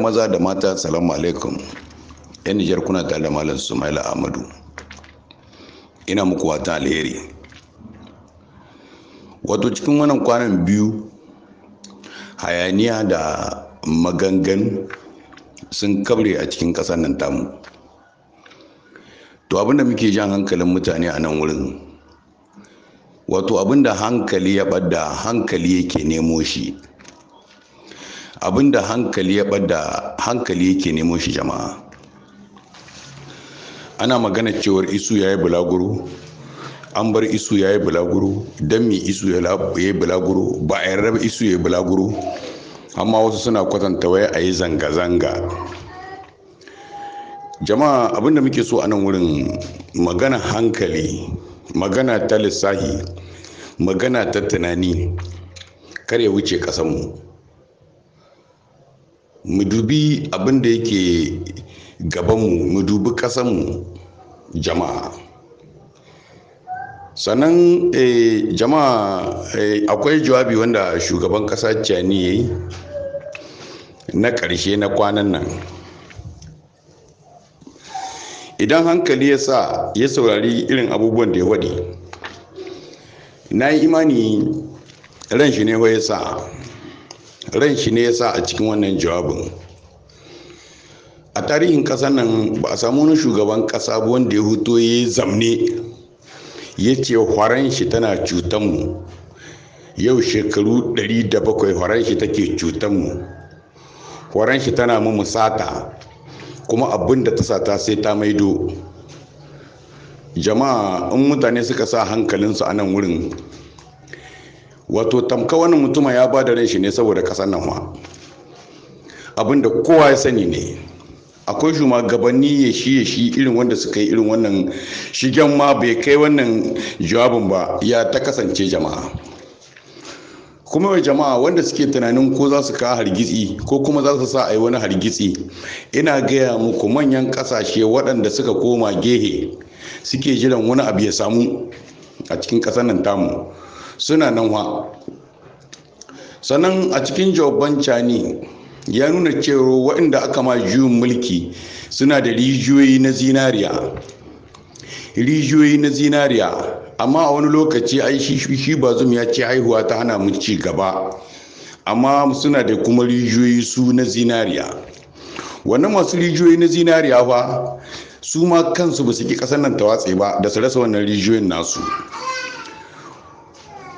maza da mata salamu alaikum yan nijar kuna tare da malam sumaila ahmadu ina muku wata alheri wato cikin wannan kwanan biyu hayaniya da magangan sun kabre a cikin ƙasar nan tamu to abinda muke jan hankalin mutane a nan wurin wato abinda hankali ya bada hankali yake nemo shi abinda hankali ya bada hankali yake nemo shi jama'a ana magana cewar isu ya yi bulaguro an bar isu ya yi bulaguro don mi isu ya yi bulaguro ba a yarda isu ya yi bulaguro amma wasu suna kwatanta waya a yi zanga-zanga jama'a abinda muke so a nan wurin magana hankali magana ta lissahi magana ta tunani kar ya wuce kasanmu mu dubi abin da yake gabanmu mu dubi ƙasanmu jama'a sannan eh, jama'a eh, akwai jawabi wanda shugaban ƙasa cani ya yi na ƙarshe na kwanan nan idan hankali ya sa ya saurari irin abubuwan da ya waɗi na yi imani ran shi ne ya sa ran shi ne yasa a cikin wannan jawabin a tarihin ƙasar nan ba a samu wani shugaban ƙasa wanda ya huto ya yi zamne ya ce horon shi tana cutanmu yau shekaru 107 horon shi take cutanmu horon shi tana mu sata kuma abin da ta sata sai ta maido jama'a in mutane suka sa hankalinsu a nan wurin wato tamka wannan mutuma ya ba da ran shi ne saboda kasar nan ma abinda kowa ya sani ne akwai shugabanni ya shi ya shi irin wanda suka yi irin wannan shigen ma bai kai wannan jawabin ba ya ta kasance jama'a kuma mai jama'a wanda suke tunanin ko za su kawo hargitsi ko kuma za su sa a yi wani hargitsi ina gaya muku manyan kasashe waɗanda suka koma gehe suke jiran wani abu ya samu a cikin ƙasar nan tamu suna nan wa sannan a cikin jawaban cani ya nuna cewa waɗanda aka ma juyin mulki suna da rijiyoyi na zinariya rijiyoyi na zinariya amma a wani lokaci ai shi bazum ya ce haihuwa ta hana mu ci gaba amma suna da kuma rijiyoyi su na zinariya wannan masu rijiyoyi na zinariya fa su ma kansu ba su ki ƙasar nan ta watse ba da su rasa wannan rijiyoyin nasu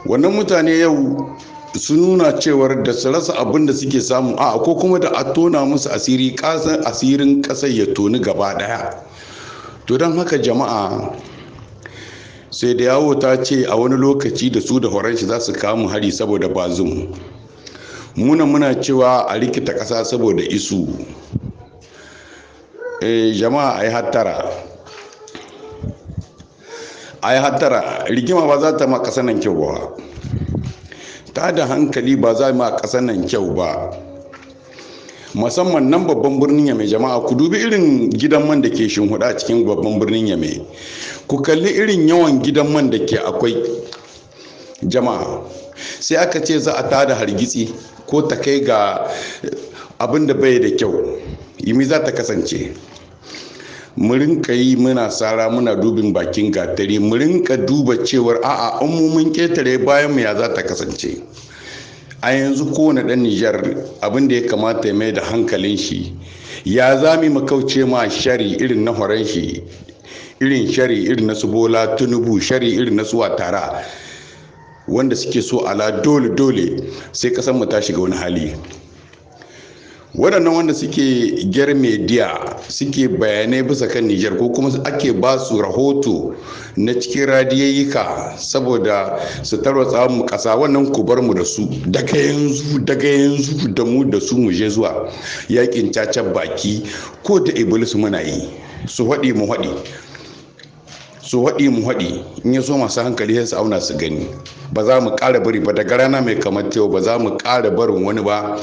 wannan mutane yau su nuna cewar da su rasa abin da suke samu a ko kuma da a tona musu asiri kasan asirin kasar ya toni gaba daya to don haka jama'a sai da yawo ta ce a wani lokaci da su da horon shi za su kamu hari saboda bazum muna muna cewa a rikita kasa saboda isu eh, jama'a a yi hattara a ya hattara rigima ba za ta ma ƙasa nan kyau ba ta da hankali ba za ma ƙasa nan kyau ba musamman nan babban birnin yame jama'a ku dubi irin gidan man da ke shinhuda a cikin babban birnin yame ku kalli irin yawan gidan man da ke akwai jama'a sai aka ce za a tada hargitsi ko ta kai ga abin da bai da kyau Imi za ta kasance mu rinka yi muna sara muna dubin bakin gatari mu rinka duba cewar a'a an mu mun ketare bayan mu ya za ta kasance a yanzu kowane ɗan Nijar abinda ya kamata ya mai da hankalin shi ya zami makauce ma shari irin na horon shi irin shari irin na su bola tunubu shari irin na su watara wanda suke so ala dole dole sai kasan mu ta shiga wani hali waɗannan wanda suke gyar media suke bayanai bisa kan nijar ko kuma ake ba su rahoto na cikin radiyayyuka saboda su tarwatsa mu ƙasa wannan ku bar mu da su daga yanzu daga yanzu da mu da su mu je zuwa yakin cacen baki ko da iblis muna yi su haɗi mu haɗi su haɗi mu haɗi in ya so masu hankali sai su auna su gani ba za mu ƙara bari ba daga rana mai kamar yau ba za mu ƙara barin wani ba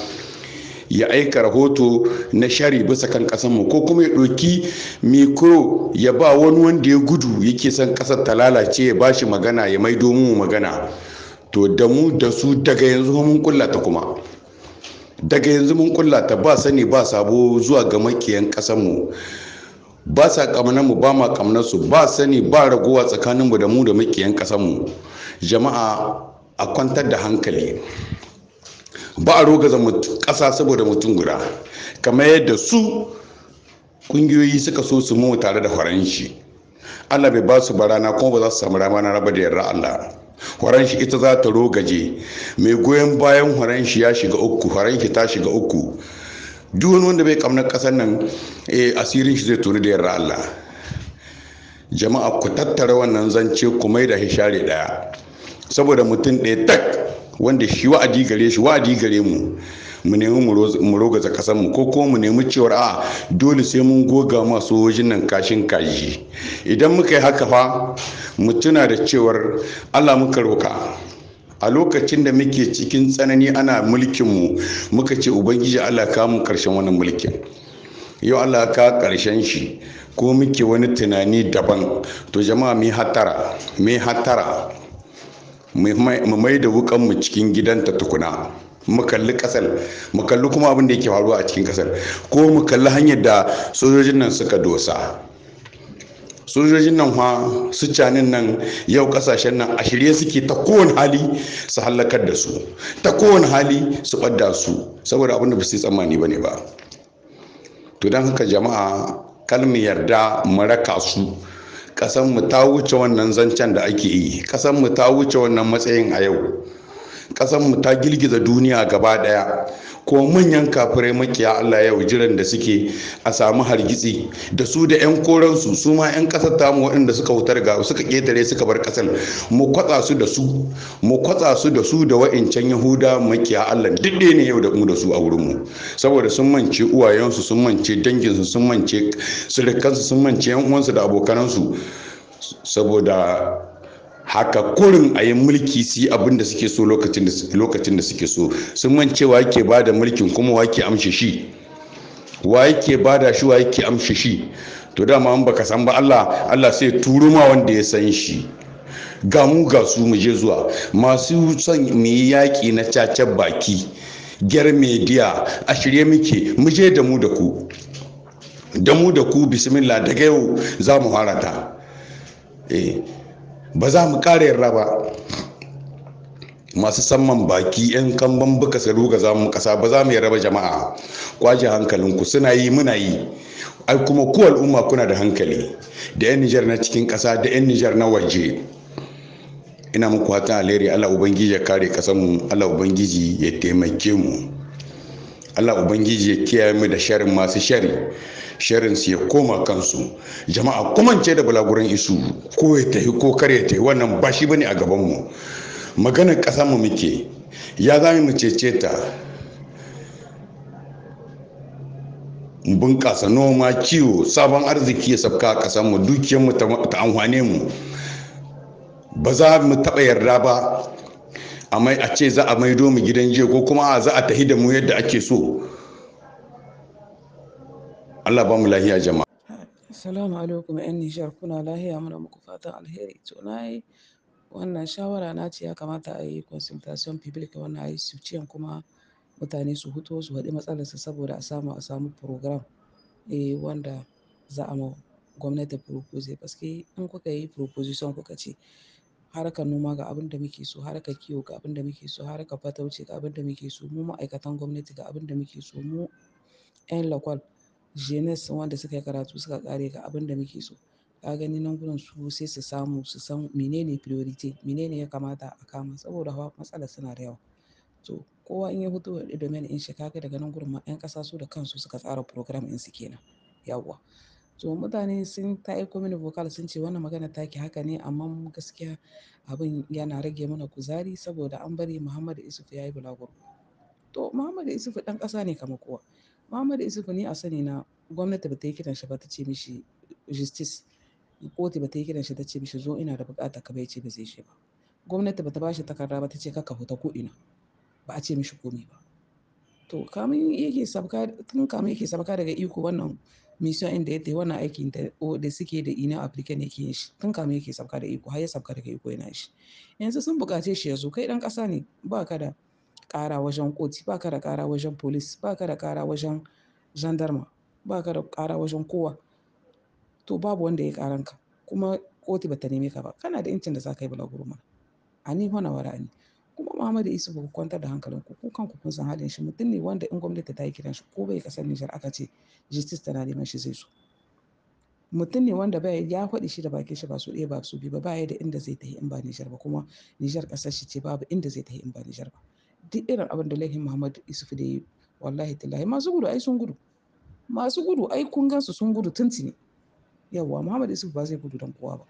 ya aika rahoto na shari bisa kan mu ko kuma ya ɗauki mikro ya ba wani wanda ya gudu yake son ƙasar ta lalace ya bashi magana ya maido mu magana to da mu da su daga yanzu mun kulla ta kuma daga yanzu mun kulla ta ba sani ba sabo zuwa ga makiyan mu ba sa kamnar mu ba ma kamnar su ba sani ba raguwa tsakaninmu da mu da makiyan ƙasarmu jama'a a kwantar da hankali ba a rogaza kasa saboda mutum guda kamar yadda su kungiyoyi suka so su mu tare da faranshi allah bai ba su barana kuma ba za su samu na raba da yarda allah faranshi ita za ta rogaje mai goyon bayan faranshi ya shiga uku faranshi ta shiga uku duk wani wanda bai kamnar kasar nan eh, asirin shi zai tuni da yarda allah jama'a ku tattara wannan zance ku mai da share daya saboda mutum ɗaya tak wanda shi wa'adi gare shi wa'adi gare mu mu nemi mu rogaza kasar mu ko kuma mu nemi cewar a dole sai mun goga masu wajen nan kashin kaji idan muka yi haka fa mu tuna da cewar Allah muka roka a lokacin da muke cikin tsanani ana mulkin mu muka ce ubangiji Allah ka mu karshen wannan mulkin yau Allah ka karshen shi ko muke wani tunani daban to jama'a mai hatara mai hatara mu mai da wukan mu cikin gidanta tukuna mu kalli kasar mu kalli kuma abin da yake faruwa a cikin kasar ko mu kalli hanyar da sojojin nan suka dosa sojojin nan fa su canin nan yau kasashen nan a shirye suke ta kowane hali su hallakar da su ta kowane hali su ɓadda su saboda abin da ba su yi tsammani ba ne ba to dan haka jama'a kalmi yarda mu raka su mu ta wuce wannan zancen da ake yi mu ta wuce wannan matsayin a yau mu ta girgiza duniya gaba ɗaya ko manyan kafirai makiya Allah yau jiran da suke a samu hargitsi da su da yan koransu su ma yan kasar tamu waɗanda suka wutar ga suka ketare suka bar kasar mu kwatsa su da su mu kwatsa su da su da wa'incan yahuda makiya Allah duk ne yau da mu da su a wurin mu saboda sun mance uwayensu sun mance danginsu sun mance surukansu sun mance yan uwansu da abokanansu saboda haka kurin a yi mulki su yi abin da suke so lokacin da suke so sun mance wa yake ba da mulkin kuma wa yake amshi shi wa yake ba da shi wa yake amshi shi to dama an baka san ba Allah Allah sai turu ma wanda ya san shi ga mu ga su mu je zuwa masu son mu yi yaƙi na cacen baki gyar media a shirye muke mu je da mu da ku da mu da ku bismillah daga yau za mu harata eh. ba za mu ƙara yarra ba masu samman baki 'yan kamban buka su ruga za mu kasa ba za mu yarra ba jama'a kwaje hankalinku suna yi muna yi ai kuma ku al'umma kuna da hankali da 'yan nijar na cikin kasa da 'yan nijar na waje ina muku hatan alheri allah ubangiji ya kare kasanmu allah ubangiji ya taimake mu Allah ubangiji ya kiyaye mu da sharin masu shari sharin su ya koma kansu jama'a kumance da bulaguran isu ko ya tahi ko kar ya tahi wannan ba shi bane a gaban mu maganar ƙasa mu muke ya za mu cece ta bunƙasa noma ciwo, sabon arziki ya sabka a ƙasar mu dukiyar mu ta amfane mu ba za mu taɓa yarda ba a ce za a maido mu gidan jiya ko kuma a za a tahi da mu yadda ake so Allah ba mu lahiya jama'a Assalamu alaikum yan Nijar kuna lahiya muna muku fatan alheri to nayi wannan shawara na ce ya kamata a yi consultation public wannan ayi su ciyan kuma mutane su huto su haɗi matsalarsa saboda a samu a samu program eh wanda za a ma gwamnati proposal gaske in kuka yi proposition kuka ce harkar noma ga abin da muke so, harkar kiwo ga abin da muke so, harkar fatauci ga abin da muke so, mu ma'aikatan gwamnati ga abin da muke so, mu 'yan lakwal, jenes wanda suka yi karatu suka kare ga abin da muke so. Ka gani nan gurin su sai su samu su san menene priority, menene ya kamata a kama saboda hawa matsala suna da yawa. To kowa in ya fito da domain ɗin shi kaga daga nan gurin ma 'yan ƙasa su da kansu suka tsara program ɗin su kenan. yawwa So mutane sun ta aiko mini vocal sun ce wannan magana take haka ne amma gaskiya abin yana rage mana kuzari saboda an bari Muhammad Isuf ya yi bulaguro. To Muhammad Isuf ɗan ƙasa ne kama kowa. Muhammad Isuf ni a sani na gwamnati ba ta yi kiran shi ba ta ce mishi justice kotu ba ta yi kiran shi ta ce mishi zo ina da bukata ka bai ce ba zai shi ba. Gwamnati ba ta ba shi takarda ba ta ce ka huta ko ina ba a ce mishi komai ba. To kamin yake sabka tun kamin yake sabka daga iko wannan mission da ya tai wannan aikin da da suke da ina African yake yin shi tun kame yake sabka da iko har ya sabka daga iko yana shi yanzu sun bukace shi ya kai dan ƙasa ne ba ka da ƙara wajen koti ba ka da ƙara wajen police ba ka da ƙara wajen gendarme ba ka da ƙara wajen kowa to babu wanda ya ka kuma koti bata neme ka ba kana da incin da za ka yi balaguro mana a ni wara ni kuma Muhammadu Isufu ku kwantar da hankalin ku ku kanku kun san halin shi mutum ne wanda in gwamnati ta yi kiran shi ko bai kasar Nijar aka ce justice tana neman shi zai so mutum ne wanda bai ya faɗi shi da bakin shi ba su ɗaya ba su biyu ba ba da inda zai tafi in ba Nijar ba kuma Nijar ƙasar shi ce babu inda zai tafi in ba Nijar ba duk irin abin da laifin Muhammadu Isufu da yi wallahi tallahi masu gudu ai sun gudu masu gudu ai kun gansu sun gudu tuntuni yawwa Muhammadu Isufu ba zai gudu dan kowa ba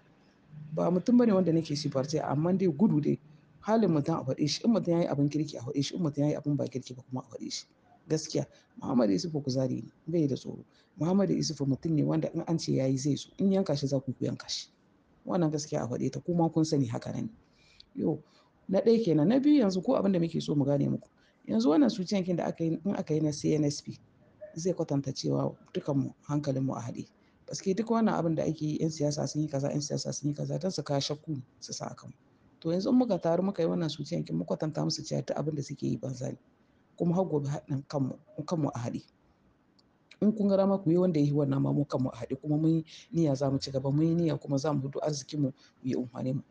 ba mutum bane wanda nake shi farce amma dai gudu dai halin mutum a faɗe shi in mutum yayi abin kirki a faɗe shi in mutum yayi abin ba kirki ba kuma a faɗe shi gaskiya Muhammadu Yusufu kuzari ne bai da tsoro Muhammadu Yusufu mutum ne wanda in an ce yayi zai zo. in yanka shi za ku yanka shi wannan gaskiya a faɗe ta kuma kun sani haka nan yo na ɗaya kenan na biyu yanzu ko abin da muke so mu gane muku yanzu wannan su cikin da aka yi in aka yi na CNSP zai kwatanta cewa hankalin mu a haɗe paske duk wannan abin da ake yi 'yan siyasa sun yi kaza 'yan siyasa sun yi kaza don su kawo shakku su sa a kanmu to yanzu in muka taru muka yi wannan suci yankin muka kwatanta musu cewa ta abin da suke yi banza ne kuma har gobe haɗin kanmu a haɗe in kun rama ku yi wanda ya yi wannan ma mu kanmu a haɗe kuma mun niyya za mu ci gaba mun yi niyya kuma za mu hudu arzikinmu mu yi umarni mu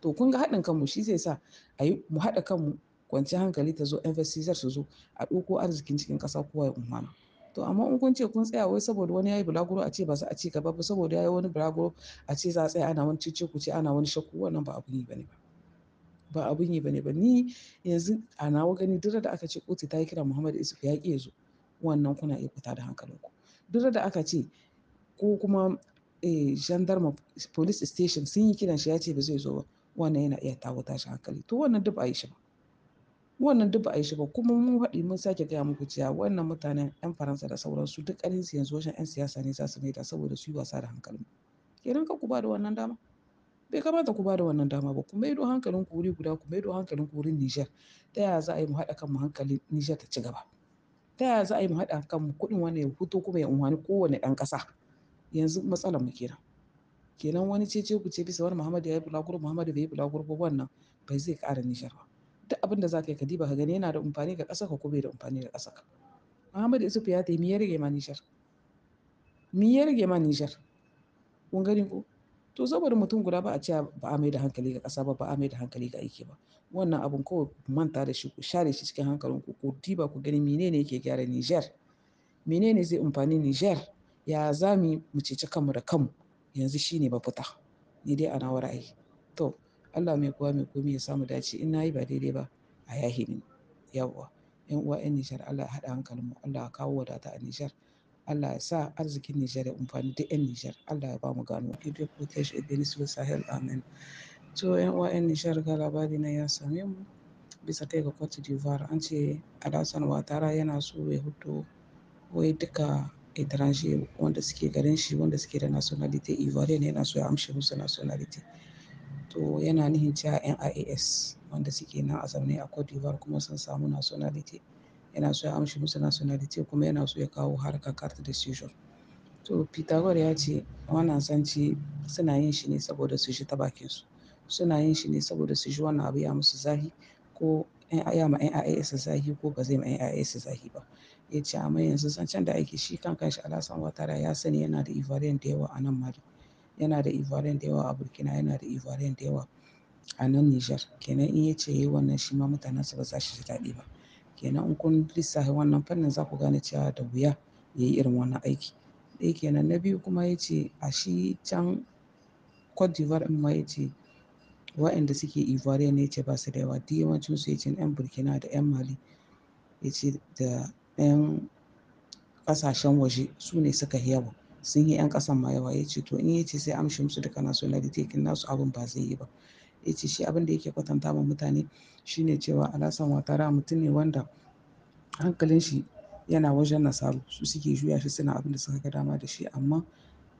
to kun ga haɗin kanmu shi zai sa a yi mu haɗa kanmu kwanciyar hankali ta zo investisar su zo a ɗauko arzikin cikin ƙasa kowa ya umarni. to amma in kun ce kun tsaya wai saboda wani yayi bulaguro a ce ba za a ci gaba ba saboda yayi wani bulaguro a ce za a tsaya ana wani cicci ku ce ana wani shakku wannan ba abun yi bane ba ba abun yi bane ba ni yanzu a nawa gani duk da aka ce kotu ta yi kira Muhammad Isuf ya ki zo wannan kuna iya fita da hankalinku duk da aka ce ko kuma eh, gendarme police station sun yi kiran shi ya ce ba zai zo ba wannan yana iya tawo tashi hankali to wannan duk ba yi shi ba wannan duk ba a yi shi ba kuma mun faɗi mun sake gaya muku cewa wannan mutanen yan faransa da sauransu duk su yanzu wajen yan siyasa ne za su maida saboda su yi wasa da hankalin kenan ka ku ba da wannan dama bai kamata ku ba da wannan dama ba ku maido hankalin ku wuri guda ku maido hankalin ku wurin Niger ta yaya za a yi mu haɗa kanmu hankalin Niger ta ci gaba ta yaya za a yi mu haɗa kanmu kuɗin wani ya fito kuma ya unhani kowane ɗan ƙasa yanzu matsalar mu kenan kenan wani ce ce ku ce bisa wani Muhammadu ya yi bulaguro Muhammadu bai yi bulaguro ba wannan bai zai ƙara Niger ba duk abin da za ka yi ka diba ka gani yana da amfani ga ka ko bai da amfani ga ka Muhammad Yusuf ya yi ya rage ma Nijar mi rage ma Nijar kun gani ko to saboda mutum guda ba a ce ba a mai da hankali ga ƙasa ba ba a mai da hankali ga aiki ba wannan abun ku manta da shi ku share shi cikin hankalin ku ku diba ku gani menene yake gyara Nijar menene zai amfani Nijar ya za mu ceci kanmu da kanmu yanzu shi ne mafita ni dai a nawa ra'ayi Allah mai kowa mai komai ya samu dace in yi ba daidai ba a yahi min yawwa yan uwa yan Nijar Allah ya haɗa hankalinmu Allah ya kawo wadata a Nijar Allah ya sa arzikin Nijar ya amfani duk yan Nijar Allah ya ba mu gano ku protege et bénis le Sahel amin to yan uwa yan Nijar ga labari na ya same mu bisa kai ga Cote d'Ivoire an ce Alassane Ouattara yana so ya huto wai duka étranger wanda suke garin shi wanda suke da nationality Ivoirian yana so ya amshe musu nationality to yana nihin cewa S wanda suke nan a zaune a Cote d'Ivoire kuma sun samu nationality yana so ya amshi musu nationality kuma yana so ya kawo harkar carte de séjour to Pythagore ya ce wannan suna yin shi ne saboda su ta bakin su suna yin shi ne saboda su ji wannan abu ya musu zahi ko ya ma NIAS zahi ko ba zai ma NIAS zahi ba ya ce amma yanzu zancen da ake shi kan kanshi Alasan watara ya sani yana da Ivorian da yawa a nan Mali yana da Ivorian da yawa a Burkina yana da Ivorian da yawa a nan Nijar kenan in ya ce yayi wannan shi ma mutanensa ba za su ji daɗi ba kenan in kun lissafi wannan fannin za ku gane cewa da wuya ya yi irin wannan aiki ɗaya kenan na biyu kuma ya ce a shi can Cote d'Ivoire in ma ya ce suke Ivorian ne ya ce ba su da yawa duk yawancin ya ce 'yan Burkina da 'yan Mali ya ce da 'yan ƙasashen waje su ne suka yawa sun yi 'yan ƙasan ma yawa ya ce to in ya ce sai amshi musu duka nationality kin nasu abin ba zai yi ba ya ce shi abin da yake kwatanta ma mutane shine cewa alasan watara mutum ne wanda hankalin shi yana wajen nasaru su suke juya shi suna abin da suka ga dama da shi amma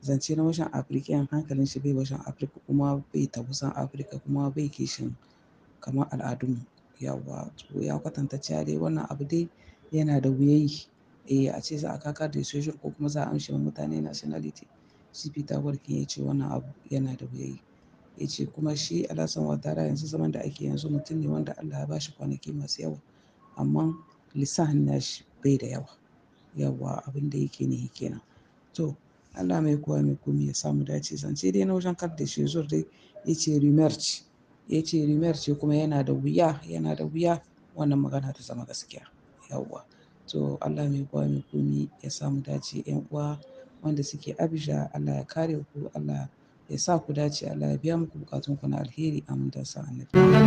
zance na wajen afirka hankalin shi bai wajen afirka kuma bai tabusan afirka kuma bai kishin kamar al'adunmu yawa to ya kwatanta cewa dai wannan abu dai yana da wuyayi eh a ce za a kaka da social ko kuma za a amshe wa mutane nationality cp tawarkin ya ce wannan abu yana da wuyayi ya ce kuma shi alasan watara yanzu zaman da ake yanzu mutum ne wanda allah ya ba shi kwanaki masu yawa amma lisan nashi bai da yawa yawa abin da yake ne kenan to allah mai kowa mai komi ya samu dace zance dai na wajen kar da shi zuwa dai ya ce remerge ya ce remerge kuma yana da wuya yana da wuya wannan magana ta zama gaskiya yawa to Allah mai kowa mai komi ya samu dace yan uwa wanda suke Abuja Allah ya kare ku Allah ya sa ku dace Allah ya biya muku bukatun ku na alheri amin da sa annabi